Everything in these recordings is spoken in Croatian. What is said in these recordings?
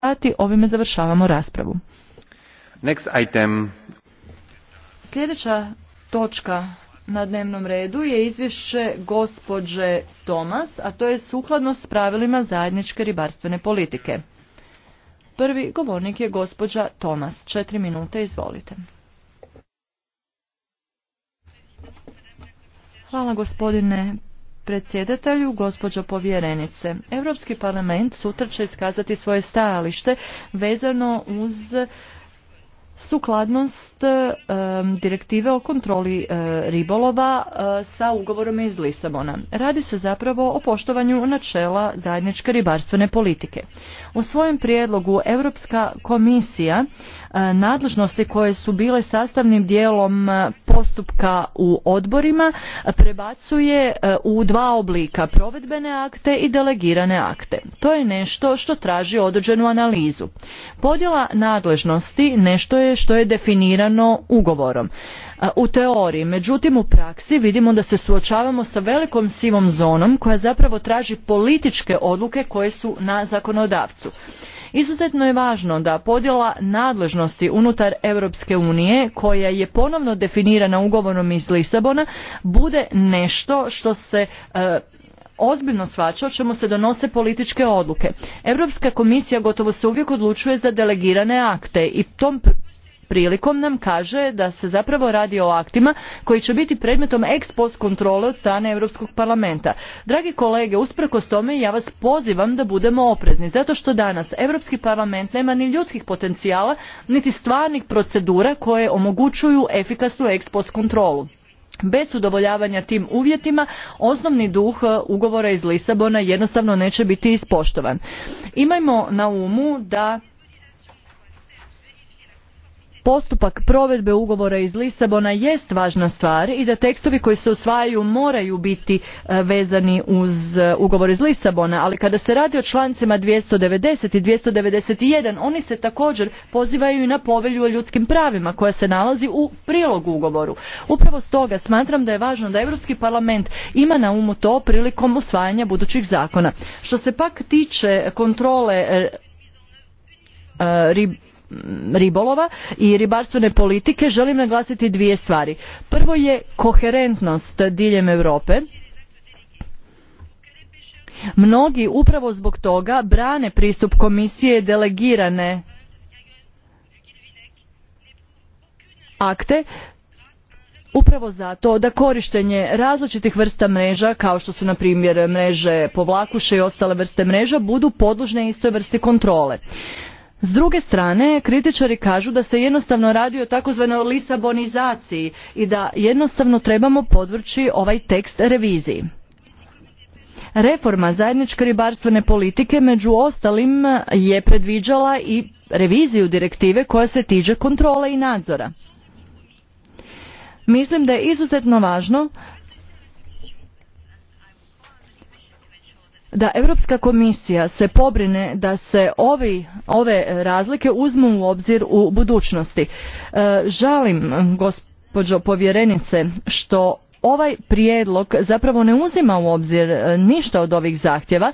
sati. Ovime završavamo raspravu. Sljedeća točka na dnevnom redu je izvješće gospođe Tomas, a to je sukladno s pravilima zajedničke ribarstvene politike. Prvi govornik je gospođa Tomas. Četiri minute, izvolite. Hvala gospodine predsjedatelju, gospođo povjerenice. Europski parlament sutra će iskazati svoje stajalište vezano uz sukladnost direktive o kontroli e, ribolova e, sa ugovorom iz Lisabona. Radi se zapravo o poštovanju načela zajedničke ribarstvene politike. U svojem prijedlogu Europska komisija E, nadležnosti koje su bile sastavnim dijelom e, postupka u odborima prebacuje e, u dva oblika provedbene akte i delegirane akte. To je nešto što traži određenu analizu. Podjela nadležnosti nešto je što je definirano ugovorom u teoriji međutim u praksi vidimo da se suočavamo sa velikom sivom zonom koja zapravo traži političke odluke koje su na zakonodavcu Izuzetno je važno da podjela nadležnosti unutar Europske unije koja je ponovno definirana ugovorom iz Lisabona bude nešto što se e, ozbiljno svača o čemu se donose političke odluke. Europska komisija gotovo se uvijek odlučuje za delegirane akte i tom prilikom nam kaže da se zapravo radi o aktima koji će biti predmetom ex post kontrole od strane Europskog parlamenta. Dragi kolege, usprkos tome ja vas pozivam da budemo oprezni, zato što danas Europski parlament nema ni ljudskih potencijala, niti stvarnih procedura koje omogućuju efikasnu ex post kontrolu. Bez udovoljavanja tim uvjetima osnovni duh e, ugovora iz Lisabona jednostavno neće biti ispoštovan. Imajmo na umu da postupak provedbe ugovora iz Lisabona jest važna stvar i da tekstovi koji se usvajaju moraju biti e, vezani uz e, ugovor iz Lisabona, ali kada se radi o člancima 290 i 291, oni se također pozivaju i na povelju o ljudskim pravima koja se nalazi u prilogu ugovoru. Upravo stoga smatram da je važno da Europski parlament ima na umu to prilikom usvajanja budućih zakona. Što se pak tiče kontrole e, ribolova i ribarstvene politike želim naglasiti dvije stvari. Prvo je koherentnost diljem Europe. Mnogi upravo zbog toga brane pristup komisije delegirane akte upravo zato da korištenje različitih vrsta mreža kao što su na primjer mreže povlakuše i ostale vrste mreža budu podložne istoj vrsti kontrole. S druge strane, kritičari kažu da se jednostavno radi o takozvanoj lisabonizaciji i da jednostavno trebamo podvrći ovaj tekst reviziji. Reforma zajedničke ribarstvene politike među ostalim je predviđala i reviziju direktive koja se tiđe kontrole i nadzora. Mislim da je izuzetno važno da Europska komisija se pobrine da se ovi, ove razlike uzmu u obzir u budućnosti. E, žalim, gospođo povjerenice, što ovaj prijedlog zapravo ne uzima u obzir e, ništa od ovih zahtjeva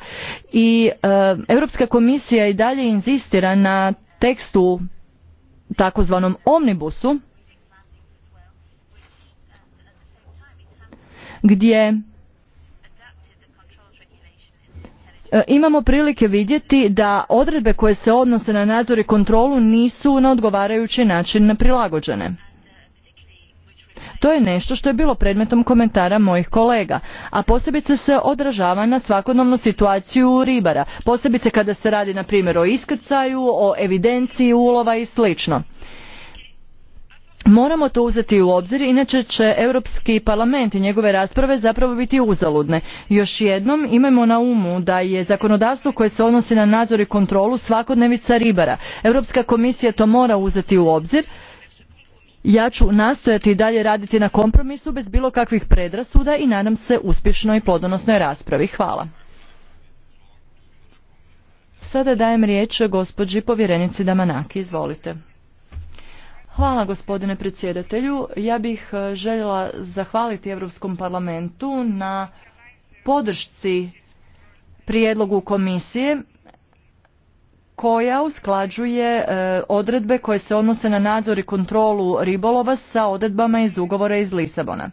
i e, Europska komisija i dalje inzistira na tekstu takozvanom omnibusu gdje E, imamo prilike vidjeti da odredbe koje se odnose na nadzor i kontrolu nisu na odgovarajući način prilagođene. To je nešto što je bilo predmetom komentara mojih kolega, a posebice se odražava na svakodnevnu situaciju ribara, posebice kada se radi na primjer o iskrcaju, o evidenciji ulova i slično. Moramo to uzeti u obzir, inače će Europski parlament i njegove rasprave zapravo biti uzaludne. Još jednom imajmo na umu da je zakonodavstvo koje se odnosi na nadzor i kontrolu svakodnevica ribara. Europska komisija to mora uzeti u obzir. Ja ću nastojati i dalje raditi na kompromisu bez bilo kakvih predrasuda i nadam se uspješnoj i plodonosnoj raspravi. Hvala. Sada dajem riječ gospođi povjerenici Damanaki. Izvolite. Hvala gospodine predsjedatelju. Ja bih e, željela zahvaliti Europskom parlamentu na podršci prijedlogu komisije koja usklađuje e, odredbe koje se odnose na nadzor i kontrolu ribolova sa odredbama iz ugovora iz Lisabona.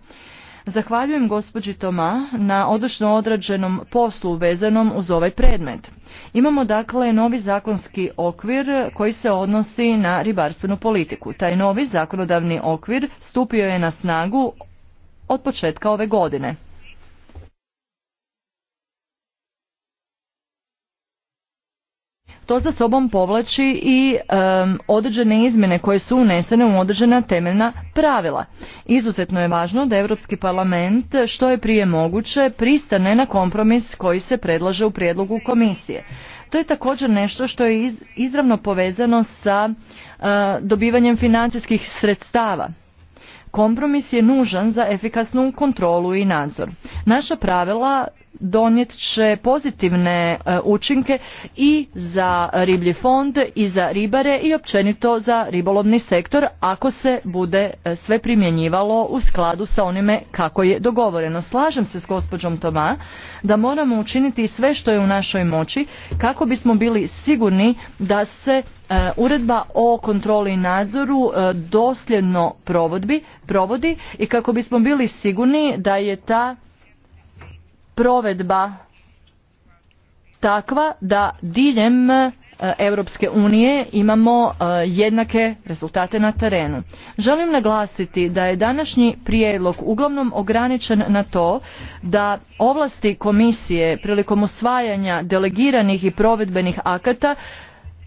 Zahvaljujem gospođi Toma na odlično odrađenom poslu vezanom uz ovaj predmet. Imamo dakle novi zakonski okvir koji se odnosi na ribarstvenu politiku. Taj novi zakonodavni okvir stupio je na snagu od početka ove godine. to za sobom povlači i um, određene izmjene koje su unesene u određena temeljna pravila. Izuzetno je važno da Europski parlament što je prije moguće pristane na kompromis koji se predlaže u prijedlogu komisije. To je također nešto što je izravno povezano sa eh, dobivanjem financijskih sredstava Kompromis je nužan za efikasnu kontrolu i nadzor. Naša pravila donijet će pozitivne e, učinke i za riblji fond i za ribare i općenito za ribolovni sektor ako se bude e, sve primjenjivalo u skladu sa onime kako je dogovoreno. Slažem se s gospođom Toma da moramo učiniti sve što je u našoj moći kako bismo bili sigurni da se E, uredba o kontroli i nadzoru e, dosljedno provodbi, provodi i kako bismo bili sigurni da je ta provedba takva da diljem e, Europske unije imamo jednake rezultate na terenu. Želim naglasiti da je današnji prijedlog uglavnom ograničen na to da ovlasti komisije prilikom usvajanja delegiranih i provedbenih akata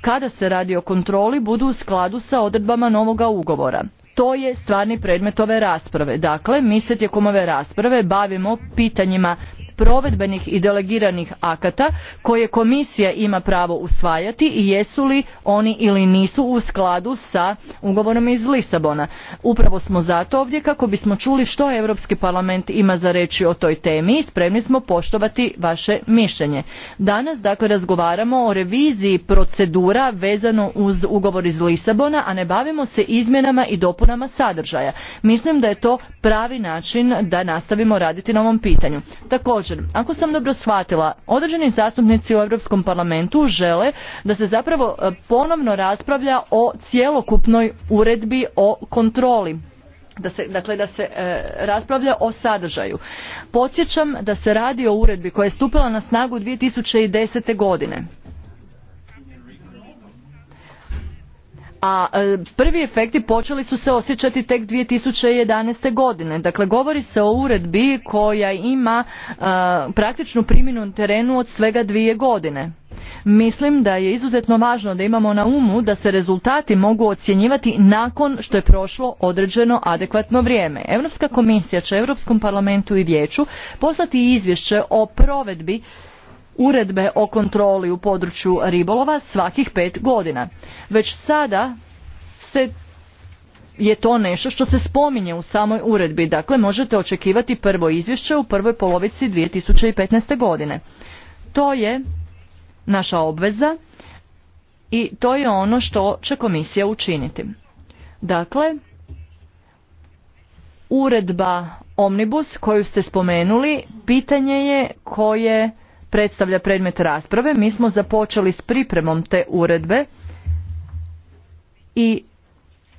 kada se radi o kontroli budu u skladu sa odredbama novoga ugovora. To je stvarni predmet ove rasprave. Dakle, mi se tijekom ove rasprave bavimo pitanjima provedbenih i delegiranih akata koje komisija ima pravo usvajati i jesu li oni ili nisu u skladu sa ugovorom iz Lisabona. Upravo smo zato ovdje kako bismo čuli što Europski parlament ima za reći o toj temi i spremni smo poštovati vaše mišljenje. Danas dakle razgovaramo o reviziji procedura vezano uz ugovor iz Lisabona, a ne bavimo se izmjenama i dopunama sadržaja. Mislim da je to pravi način da nastavimo raditi na ovom pitanju. Također ako sam dobro shvatila, određeni zastupnici u Europskom parlamentu žele da se zapravo e, ponovno raspravlja o cjelokupnoj uredbi o kontroli da se, dakle da se e, raspravlja o sadržaju. Podsjećam da se radi o uredbi koja je stupila na snagu 2010. godine. a e, prvi efekti počeli su se osjećati tek 2011. godine. Dakle, govori se o uredbi koja ima e, praktičnu primjenu na terenu od svega dvije godine. Mislim da je izuzetno važno da imamo na umu da se rezultati mogu ocjenjivati nakon što je prošlo određeno adekvatno vrijeme. Europska komisija će Europskom parlamentu i vijeću poslati izvješće o provedbi uredbe o kontroli u području ribolova svakih pet godina. Već sada se je to nešto što se spominje u samoj uredbi, dakle možete očekivati prvo izvješće u prvoj polovici 2015. godine. To je naša obveza i to je ono što će komisija učiniti. Dakle, uredba Omnibus koju ste spomenuli, pitanje je koje predstavlja predmet rasprave. Mi smo započeli s pripremom te uredbe i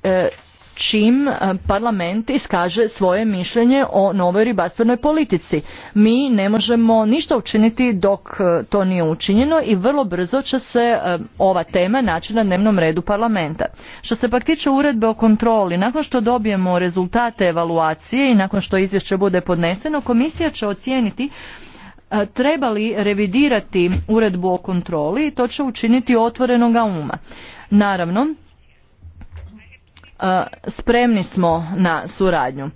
e, čim e, parlament iskaže svoje mišljenje o novoj ribarstvenoj politici. Mi ne možemo ništa učiniti dok e, to nije učinjeno i vrlo brzo će se ova tema naći na dnevnom redu parlamenta. Što se pak tiče uredbe o kontroli, nakon što dobijemo rezultate evaluacije i nakon što izvješće bude podneseno, komisija će ocijeniti E, trebali revidirati uredbu o kontroli i to će učiniti otvorenoga uma. Naravno, e, spremni smo na suradnju.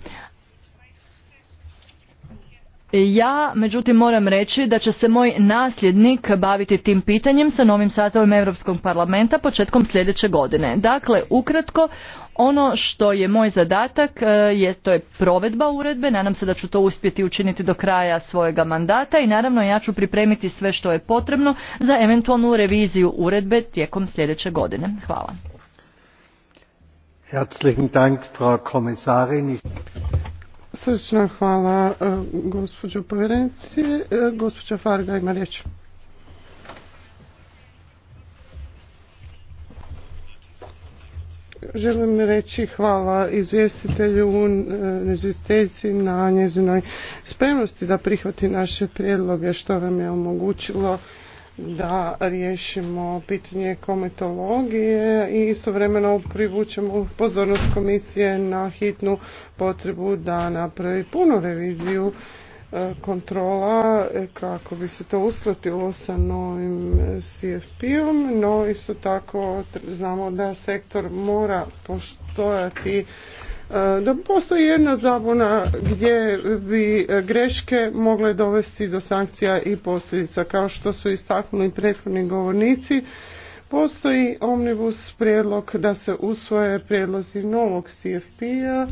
Ja, međutim, moram reći da će se moj nasljednik baviti tim pitanjem sa novim sastavom Europskog parlamenta početkom sljedeće godine. Dakle, ukratko, ono što je moj zadatak, e, je, to je provedba uredbe, nadam se da ću to uspjeti učiniti do kraja svojega mandata i naravno ja ću pripremiti sve što je potrebno za eventualnu reviziju uredbe tijekom sljedeće godine. Hvala. Herzlichen Dank, Srčna hvala e, gospođo povjerenici. E, gospođa Farga ima riječ. Želim reći hvala izvjestitelju rezistenciji na njezinoj spremnosti da prihvati naše prijedloge što vam je omogućilo da riješimo pitanje kometologije i istovremeno privućemo pozornost komisije na hitnu potrebu da napravi punu reviziju e, kontrola e, kako bi se to uskladilo sa novim CFP-om, no isto tako znamo da sektor mora postojati E, da postoji jedna zabuna gdje bi e, greške mogle dovesti do sankcija i posljedica kao što su istaknuli prethodni govornici postoji omnibus prijedlog da se usvoje prijedlozi novog CFP-a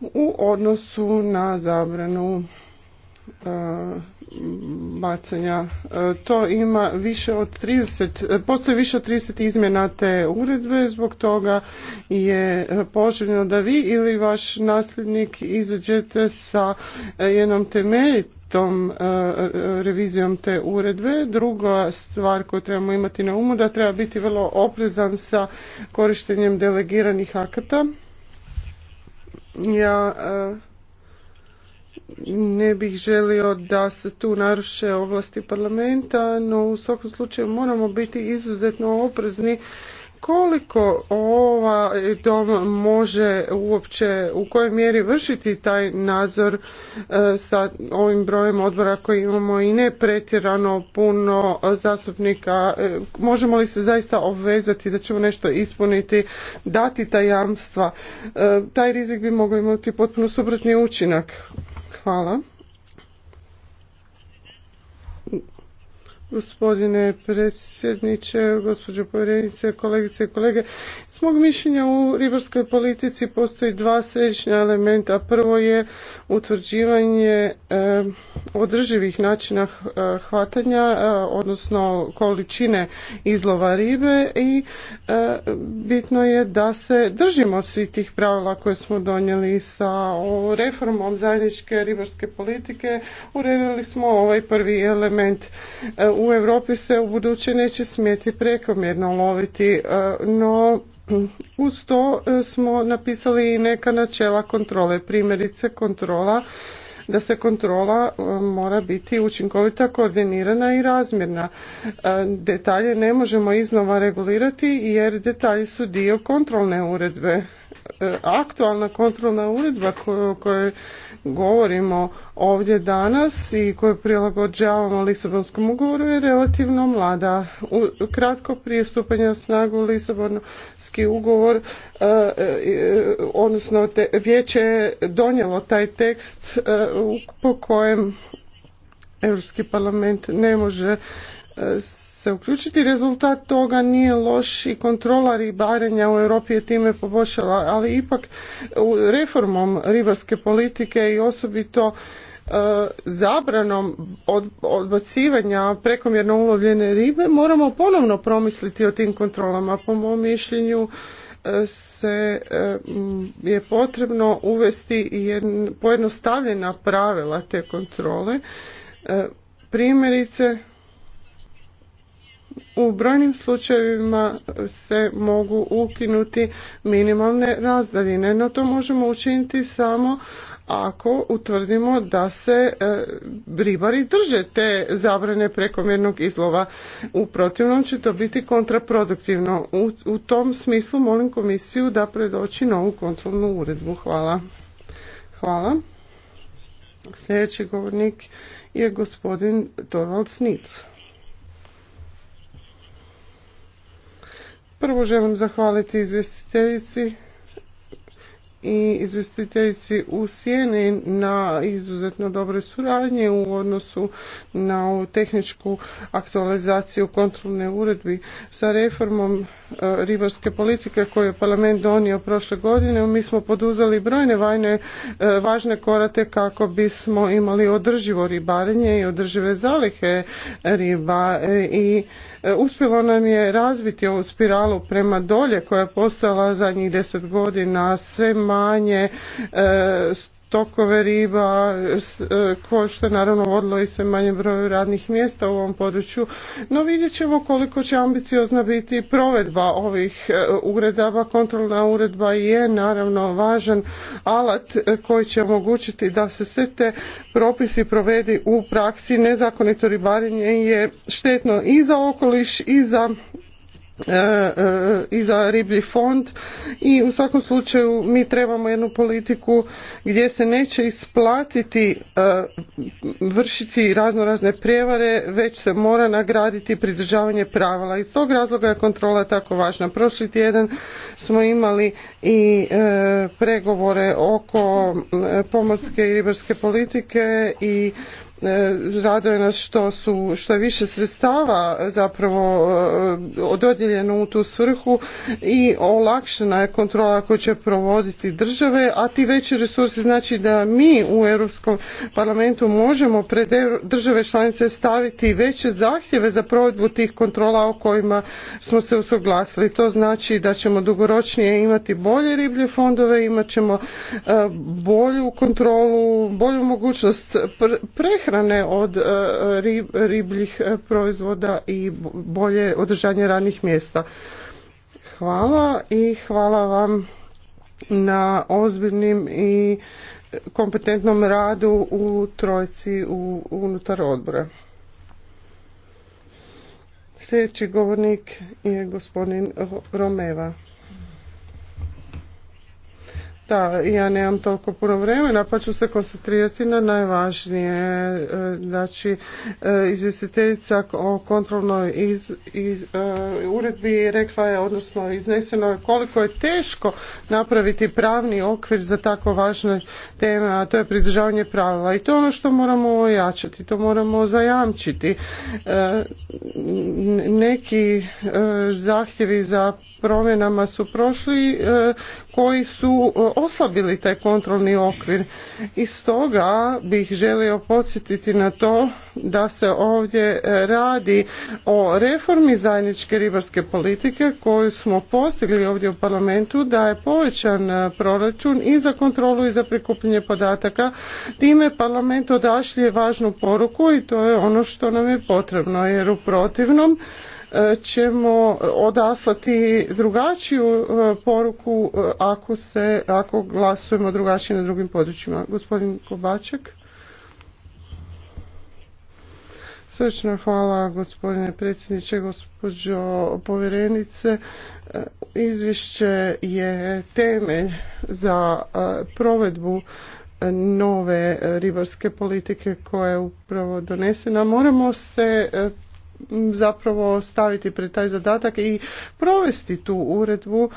u odnosu na zabranu e, bacanja. E, to ima više od 30, e, postoji više od 30 izmjena te uredbe, zbog toga je e, poželjno da vi ili vaš nasljednik izađete sa jednom temeljitom revizijom te uredbe. Druga stvar koju trebamo imati na umu da treba biti vrlo oprezan sa korištenjem delegiranih akata. Ja ne bih želio da se tu naruše ovlasti parlamenta, no u svakom slučaju moramo biti izuzetno oprezni koliko ova dom može uopće u kojoj mjeri vršiti taj nadzor e, sa ovim brojem odbora koji imamo i ne pretjerano puno zastupnika e, možemo li se zaista obvezati da ćemo nešto ispuniti dati ta jamstva e, taj rizik bi mogao imati potpuno suprotni učinak Hvala gospodine predsjedniče, gospođo povjerenice, kolegice i kolege. S mog mišljenja u ribarskoj politici postoji dva središnja elementa. Prvo je utvrđivanje eh, održivih načina eh, hvatanja, eh, odnosno količine izlova ribe i bitno je da se držimo svih tih pravila koje smo donijeli sa reformom zajedničke ribarske politike. Uredili smo ovaj prvi element u Europi se u buduće neće smjeti prekomjerno loviti, e, no uz to e, smo napisali i neka načela kontrole, primjerice kontrola da se kontrola e, mora biti učinkovita, koordinirana i razmjerna. Detalje ne možemo iznova regulirati jer detalji su dio kontrolne uredbe. Aktualna kontrolna uredba koja govorimo ovdje danas i koju prilagođavamo Lisabonskom ugovoru je relativno mlada. U, kratko prije stupanja snagu Lisabonski ugovor, e, e, odnosno vijeće je donijelo taj tekst e, po kojem Europski parlament ne može se uključiti. Rezultat toga nije loš i kontrola ribarenja u Europi je time poboljšala, ali ipak reformom ribarske politike i osobito e, zabranom odbacivanja prekomjerno ulovljene ribe moramo ponovno promisliti o tim kontrolama. Po mom mišljenju e, se e, je potrebno uvesti pojednostavljena pravila te kontrole. Primjerice, u brojnim slučajevima se mogu ukinuti minimalne razdaljine, no to možemo učiniti samo ako utvrdimo da se e, ribari drže te zabrane prekomjernog izlova. U protivnom će to biti kontraproduktivno. U, tom smislu molim komisiju da predoči novu kontrolnu uredbu. Hvala. Hvala. Sljedeći govornik je gospodin Torvald Snic. Prvo želim zahvaliti izvjestiteljici i izvjestiteljici u sjeni na izuzetno dobre suradnje u odnosu na tehničku aktualizaciju kontrolne uredbi sa reformom e, ribarske politike koju je parlament donio prošle godine. Mi smo poduzeli brojne vajne, e, važne korate kako bismo imali održivo ribarenje i održive zalihe riba e, i uspjelo nam je razviti ovu spiralu prema dolje koja je postojala zadnjih deset godina sve manje e, stokove riba e, ko što je naravno vodilo i sve manje broju radnih mjesta u ovom području. No vidjet ćemo koliko će ambiciozna biti provedba ovih e, uredaba. Kontrolna uredba je naravno važan alat koji će omogućiti da se sve te propisi provedi u praksi. Nezakonito ribarenje je štetno i za okoliš i za E, e, i za riblji fond i u svakom slučaju mi trebamo jednu politiku gdje se neće isplatiti e, vršiti raznorazne prijevare već se mora nagraditi pridržavanje pravila. Iz tog razloga je kontrola tako važna. Prošli tjedan smo imali i pregovore oko pomorske i ribarske politike i E, raduje nas što su što je više sredstava e, zapravo e, dodijeljeno u tu svrhu i olakšana je kontrola koju će provoditi države, a ti veći resursi znači da mi u Europskom parlamentu možemo pred države članice staviti veće zahtjeve za provedbu tih kontrola o kojima smo se usuglasili. To znači da ćemo dugoročnije imati bolje riblje fondove, imat ćemo bolju kontrolu, bolju mogućnost prehrane prehrane od e, ribljih e, proizvoda i bolje održanje radnih mjesta. Hvala i hvala vam na ozbiljnim i kompetentnom radu u trojci u, unutar odbora. Sljedeći govornik je gospodin Romeva. Da, ja nemam toliko puno vremena pa ću se koncentrirati na najvažnije. E, znači, e, izvjestiteljica o kontrolnoj iz, iz, e, uredbi rekla je, odnosno izneseno je koliko je teško napraviti pravni okvir za tako važne teme, a to je pridržavanje pravila. I to je ono što moramo ojačati, to moramo zajamčiti. Neki zahtjevi za promjenama su prošli e, koji su e, oslabili taj kontrolni okvir. I stoga bih želio podsjetiti na to da se ovdje e, radi o reformi zajedničke ribarske politike koju smo postigli ovdje u parlamentu da je povećan proračun i za kontrolu i za prikupljanje podataka. Time parlament odašlje važnu poruku i to je ono što nam je potrebno jer u protivnom E, ćemo odaslati drugačiju e, poruku e, ako, se, ako glasujemo drugačije na drugim područjima. Gospodin Kobaček. Srčno hvala gospodine predsjedniče, gospođo povjerenice. Izvješće je temelj za provedbu nove ribarske politike koja je upravo donesena. Moramo se zapravo staviti pred taj zadatak i provesti tu uredbu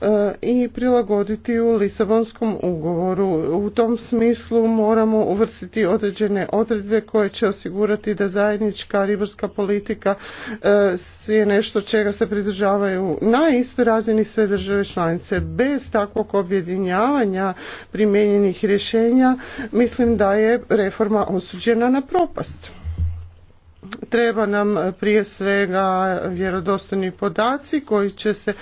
e, i prilagoditi u Lisabonskom ugovoru. U tom smislu moramo uvrstiti određene odredbe koje će osigurati da zajednička ribarska politika e, je nešto čega se pridržavaju na istoj razini sve države članice. Bez takvog objedinjavanja primijenjenih rješenja mislim da je reforma osuđena na propast treba nam e, prije svega vjerodostojni podaci koji će se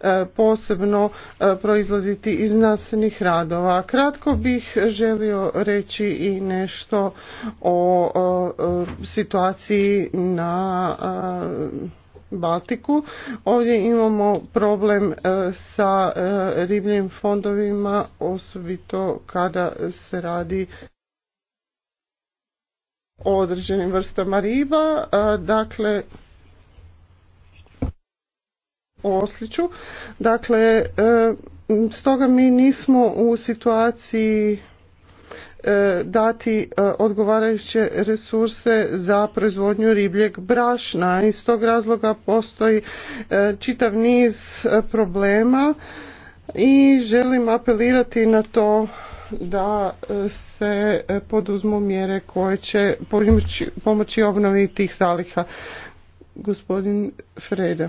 e, posebno e, proizlaziti iz nasenih radova. Kratko bih želio reći i nešto o situaciji na Baltiku. Ovdje imamo problem sa ribljim fondovima, osobito kada se radi o određenim vrstama riba, dakle o osliću. Dakle, e, stoga mi nismo u situaciji e, dati e, odgovarajuće resurse za proizvodnju ribljeg brašna. Iz tog razloga postoji čitav niz problema i želim apelirati na to da e, se e, poduzmu mjere koje će pomoći, obnovi tih zaliha. Gospodin Freda.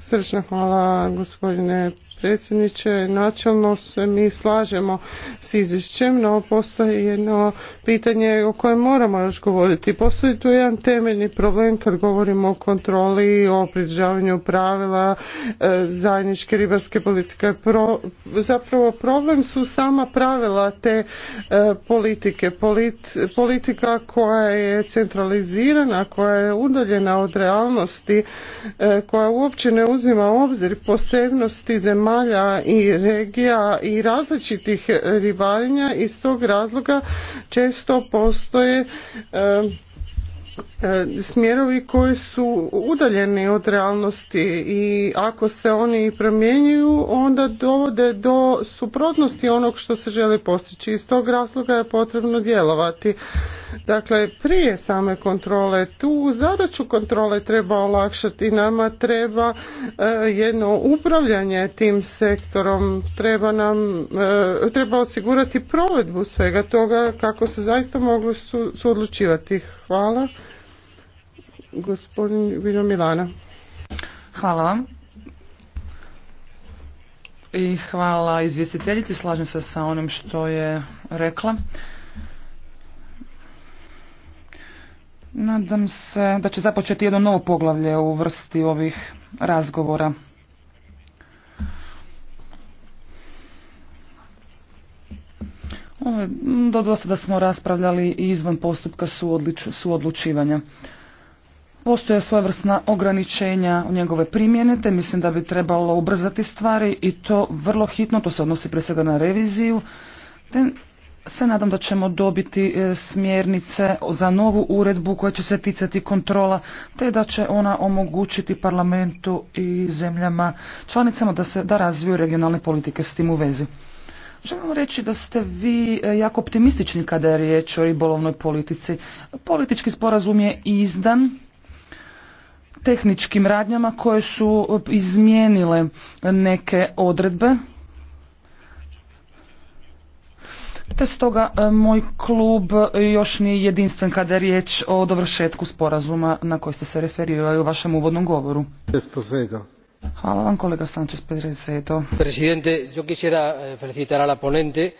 Srčno hvala gospodine predsjedniče. Načelno se mi slažemo s izvješćem, no postoji jedno pitanje o kojem moramo još govoriti. Postoji tu jedan temeljni problem kad govorimo o kontroli, o pridržavanju pravila e, zajedničke ribarske politike. Pro, zapravo problem su sama pravila te e, politike. politika koja je centralizirana, koja je udaljena od realnosti, e, koja uopće ne uzima obzir posebnosti zemalja zemalja i regija i različitih ribarenja iz tog razloga često postoje e, e, smjerovi koji su udaljeni od realnosti i ako se oni promjenjuju onda dovode do suprotnosti onog što se želi postići. Iz tog razloga je potrebno djelovati. Dakle, prije same kontrole, tu zadaću kontrole treba olakšati. Nama treba e, jedno upravljanje tim sektorom, treba nam, e, treba osigurati provedbu svega toga kako se zaista moglo su, suodlučivati. Hvala. Gospodin Vino Milana. Hvala vam. I hvala izvjestiteljici, slažem se sa onim što je rekla. Nadam se da će započeti jedno novo poglavlje u vrsti ovih razgovora. Do dosta da smo raspravljali i izvan postupka suodlučivanja. Postoje svojevrsna ograničenja u njegove primjene, te mislim da bi trebalo ubrzati stvari i to vrlo hitno, to se odnosi pre svega na reviziju, te se nadam da ćemo dobiti e, smjernice za novu uredbu koja će se ticati kontrola, te da će ona omogućiti parlamentu i zemljama članicama da se da razviju regionalne politike s tim u vezi. Želim reći da ste vi e, jako optimistični kada je riječ o ribolovnoj politici. Politički sporazum je izdan tehničkim radnjama koje su e, izmijenile neke odredbe Te stoga e, moj klub još nije jedinstven kada je riječ o dovršetku sporazuma na koji ste se referirali u vašem uvodnom govoru. Hvala vam kolega Sanchez Pedrezeto. Presidente, yo quisiera eh, felicitar a la ponente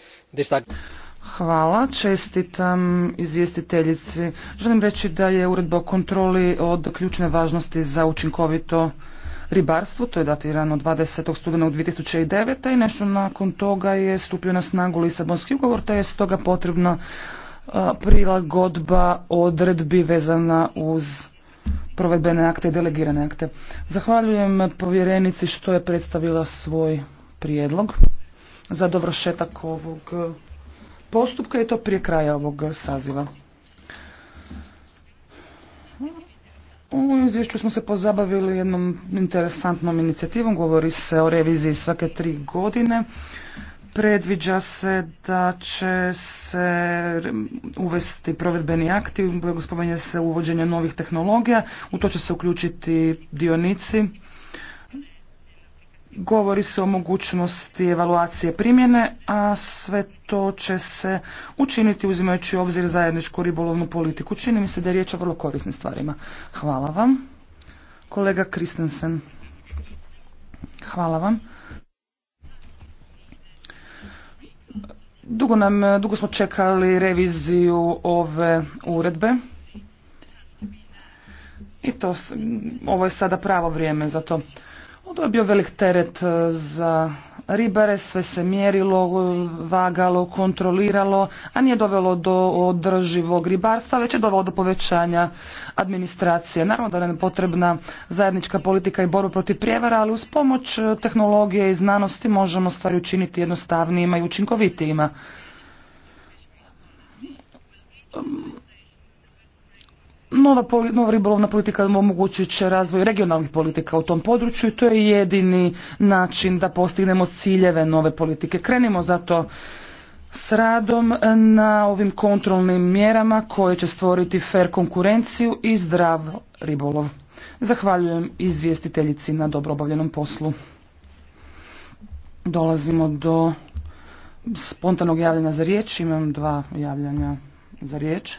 Hvala, čestitam izvjestiteljici. Želim reći da je uredba o kontroli od ključne važnosti za učinkovito ribarstvu, to je datirano 20. studenog 2009. i nešto nakon toga je stupio na snagu Lisabonski ugovor, te je stoga potrebna prilagodba odredbi vezana uz provedbene akte i delegirane akte. Zahvaljujem povjerenici što je predstavila svoj prijedlog za dovršetak ovog postupka i to prije kraja ovog saziva. U izvješću smo se pozabavili jednom interesantnom inicijativom, govori se o reviziji svake tri godine. Predviđa se da će se uvesti provedbeni akti, spomenje se uvođenje novih tehnologija, u to će se uključiti dionici Govori se o mogućnosti evaluacije primjene, a sve to će se učiniti uzimajući u obzir zajedničku ribolovnu politiku. Čini mi se da je riječ o vrlo korisnim stvarima. Hvala vam. Kolega Kristensen. Hvala vam. Dugo, nam, dugo smo čekali reviziju ove uredbe. I to, ovo je sada pravo vrijeme za to. To je bio velik teret e, za ribare, sve se mjerilo, vagalo, kontroliralo, a nije dovelo do održivog ribarstva, već je dovelo do povećanja administracije. Naravno da nam je potrebna zajednička politika i borba protiv prijevara, ali uz pomoć e, tehnologije i znanosti možemo stvari učiniti jednostavnijima i učinkovitijima. Nova, ribolovna politika omogućit će razvoj regionalnih politika u tom području i to je jedini način da postignemo ciljeve nove politike. Krenimo zato s radom na ovim kontrolnim mjerama koje će stvoriti fer konkurenciju i zdrav ribolov. Zahvaljujem izvjestiteljici na dobro obavljenom poslu. Dolazimo do spontanog javljanja za riječ. Imam dva javljanja za riječ.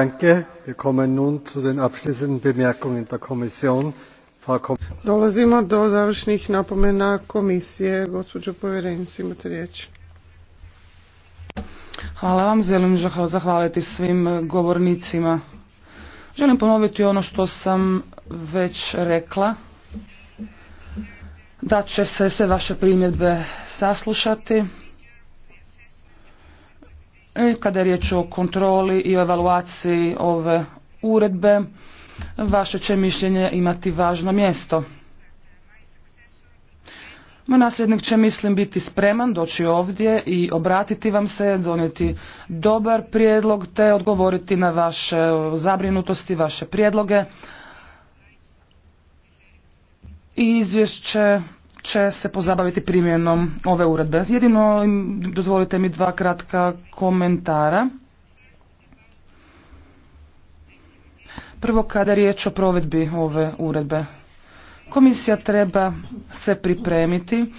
Danke. Wir kommen Dolazimo do završnih napomena komisije. Gospođo povjerenice, imate riječ. Hvala vam. Želim zahvaliti svim govornicima. Želim ponoviti ono što sam već rekla. Da će se sve vaše primjedbe saslušati. E, kada je riječ o kontroli i evaluaciji ove uredbe, vaše će mišljenje imati važno mjesto. Moj nasljednik će, mislim, biti spreman doći ovdje i obratiti vam se, donijeti dobar prijedlog te odgovoriti na vaše zabrinutosti, vaše prijedloge. I izvješće će se pozabaviti primjenom ove uredbe. Jedino dozvolite mi dva kratka komentara. Prvo kada je riječ o provedbi ove uredbe. Komisija treba se pripremiti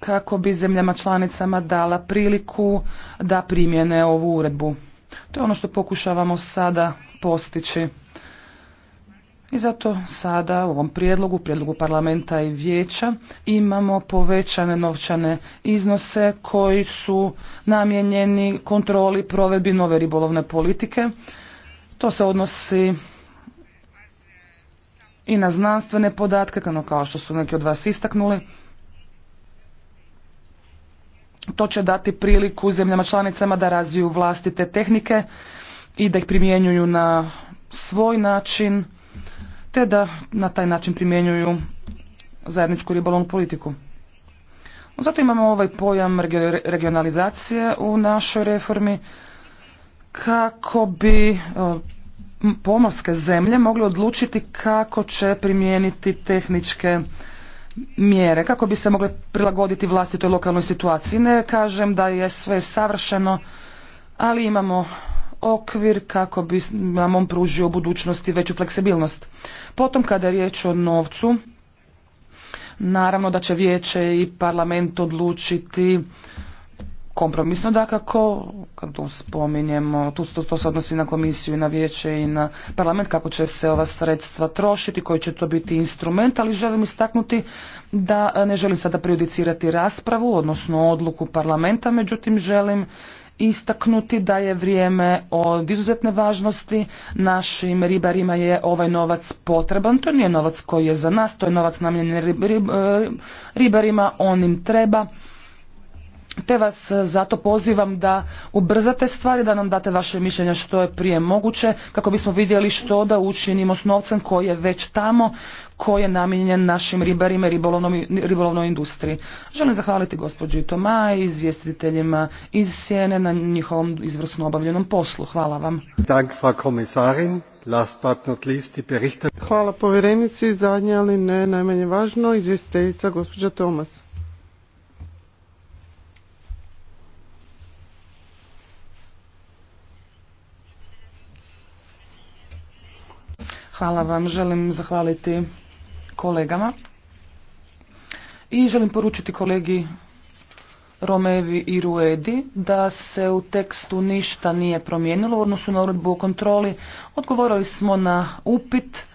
kako bi zemljama članicama dala priliku da primjene ovu uredbu. To je ono što pokušavamo sada postići. I zato sada u ovom prijedlogu, prijedlogu parlamenta i vijeća imamo povećane novčane iznose koji su namijenjeni kontroli provedbi nove ribolovne politike. To se odnosi i na znanstvene podatke, kao što su neki od vas istaknuli. To će dati priliku zemljama članicama da razviju vlastite tehnike i da ih primjenjuju na svoj način te da na taj način primjenjuju zajedničku ribolovnu politiku. Zato imamo ovaj pojam regionalizacije u našoj reformi kako bi e, pomorske zemlje mogli odlučiti kako će primijeniti tehničke mjere, kako bi se mogle prilagoditi vlastitoj lokalnoj situaciji. Ne kažem da je sve savršeno, ali imamo okvir kako bi nam on pružio u budućnosti veću fleksibilnost. Potom kada je riječ o novcu, naravno da će vijeće i parlament odlučiti kompromisno dakako, kad tu spominjemo, tu, to, to se odnosi na komisiju i na vijeće i na parlament, kako će se ova sredstva trošiti, koji će to biti instrument, ali želim istaknuti da ne želim sada prejudicirati raspravu, odnosno odluku parlamenta, međutim želim istaknuti da je vrijeme od izuzetne važnosti. Našim ribarima je ovaj novac potreban. To nije novac koji je za nas, to je novac namijenjen ribarima, on im treba te vas e, zato pozivam da ubrzate stvari, da nam date vaše mišljenja što je prije moguće, kako bismo vidjeli što da učinimo s novcem koji je već tamo, koji je namijenjen našim ribarima i ribolovnoj industriji. Želim zahvaliti gospođi Toma i izvjestiteljima iz Sjene na njihovom izvrsno obavljenom poslu. Hvala vam. Dank, Hvala povjerenici, zadnje ali ne najmanje važno, izvjestiteljica gospođa Tomas. Hvala vam. Želim zahvaliti kolegama i želim poručiti kolegi Romevi i Ruedi da se u tekstu ništa nije promijenilo u odnosu na uredbu o kontroli. Odgovorili smo na upit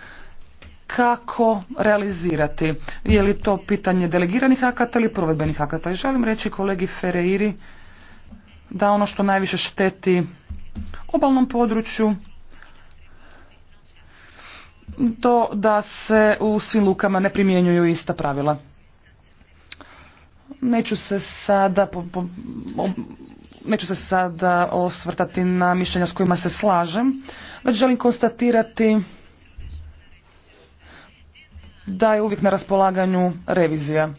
kako realizirati. Je li to pitanje delegiranih akata ili provedbenih akata? I želim reći kolegi Fereiri da ono što najviše šteti obalnom području to da se u svim lukama ne primjenjuju ista pravila. Neću se sada neću se sada osvrtati na mišljenja s kojima se slažem, već želim konstatirati da je uvijek na raspolaganju revizija.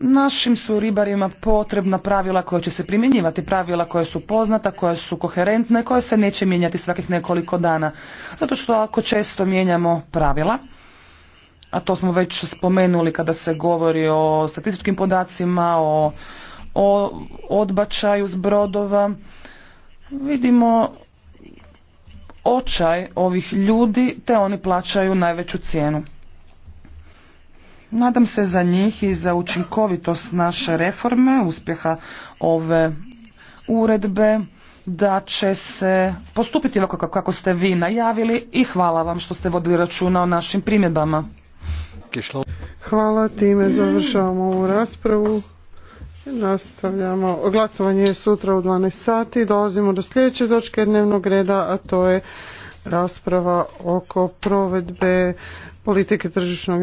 Našim su ribarima potrebna pravila koja će se primjenjivati, pravila koja su poznata, koja su koherentna i koja se neće mijenjati svakih nekoliko dana. Zato što ako često mijenjamo pravila, a to smo već spomenuli kada se govori o statističkim podacima, o, o odbačaju s brodova, vidimo očaj ovih ljudi te oni plaćaju najveću cijenu. Nadam se za njih i za učinkovitost naše reforme, uspjeha ove uredbe, da će se postupiti ovako kako ste vi najavili i hvala vam što ste vodili računa o našim primjedbama. Hvala, time završavamo ovu raspravu. Nastavljamo. Glasovanje je sutra u 12 sati. Dolazimo do sljedeće točke dnevnog reda, a to je rasprava oko provedbe politike tržišnog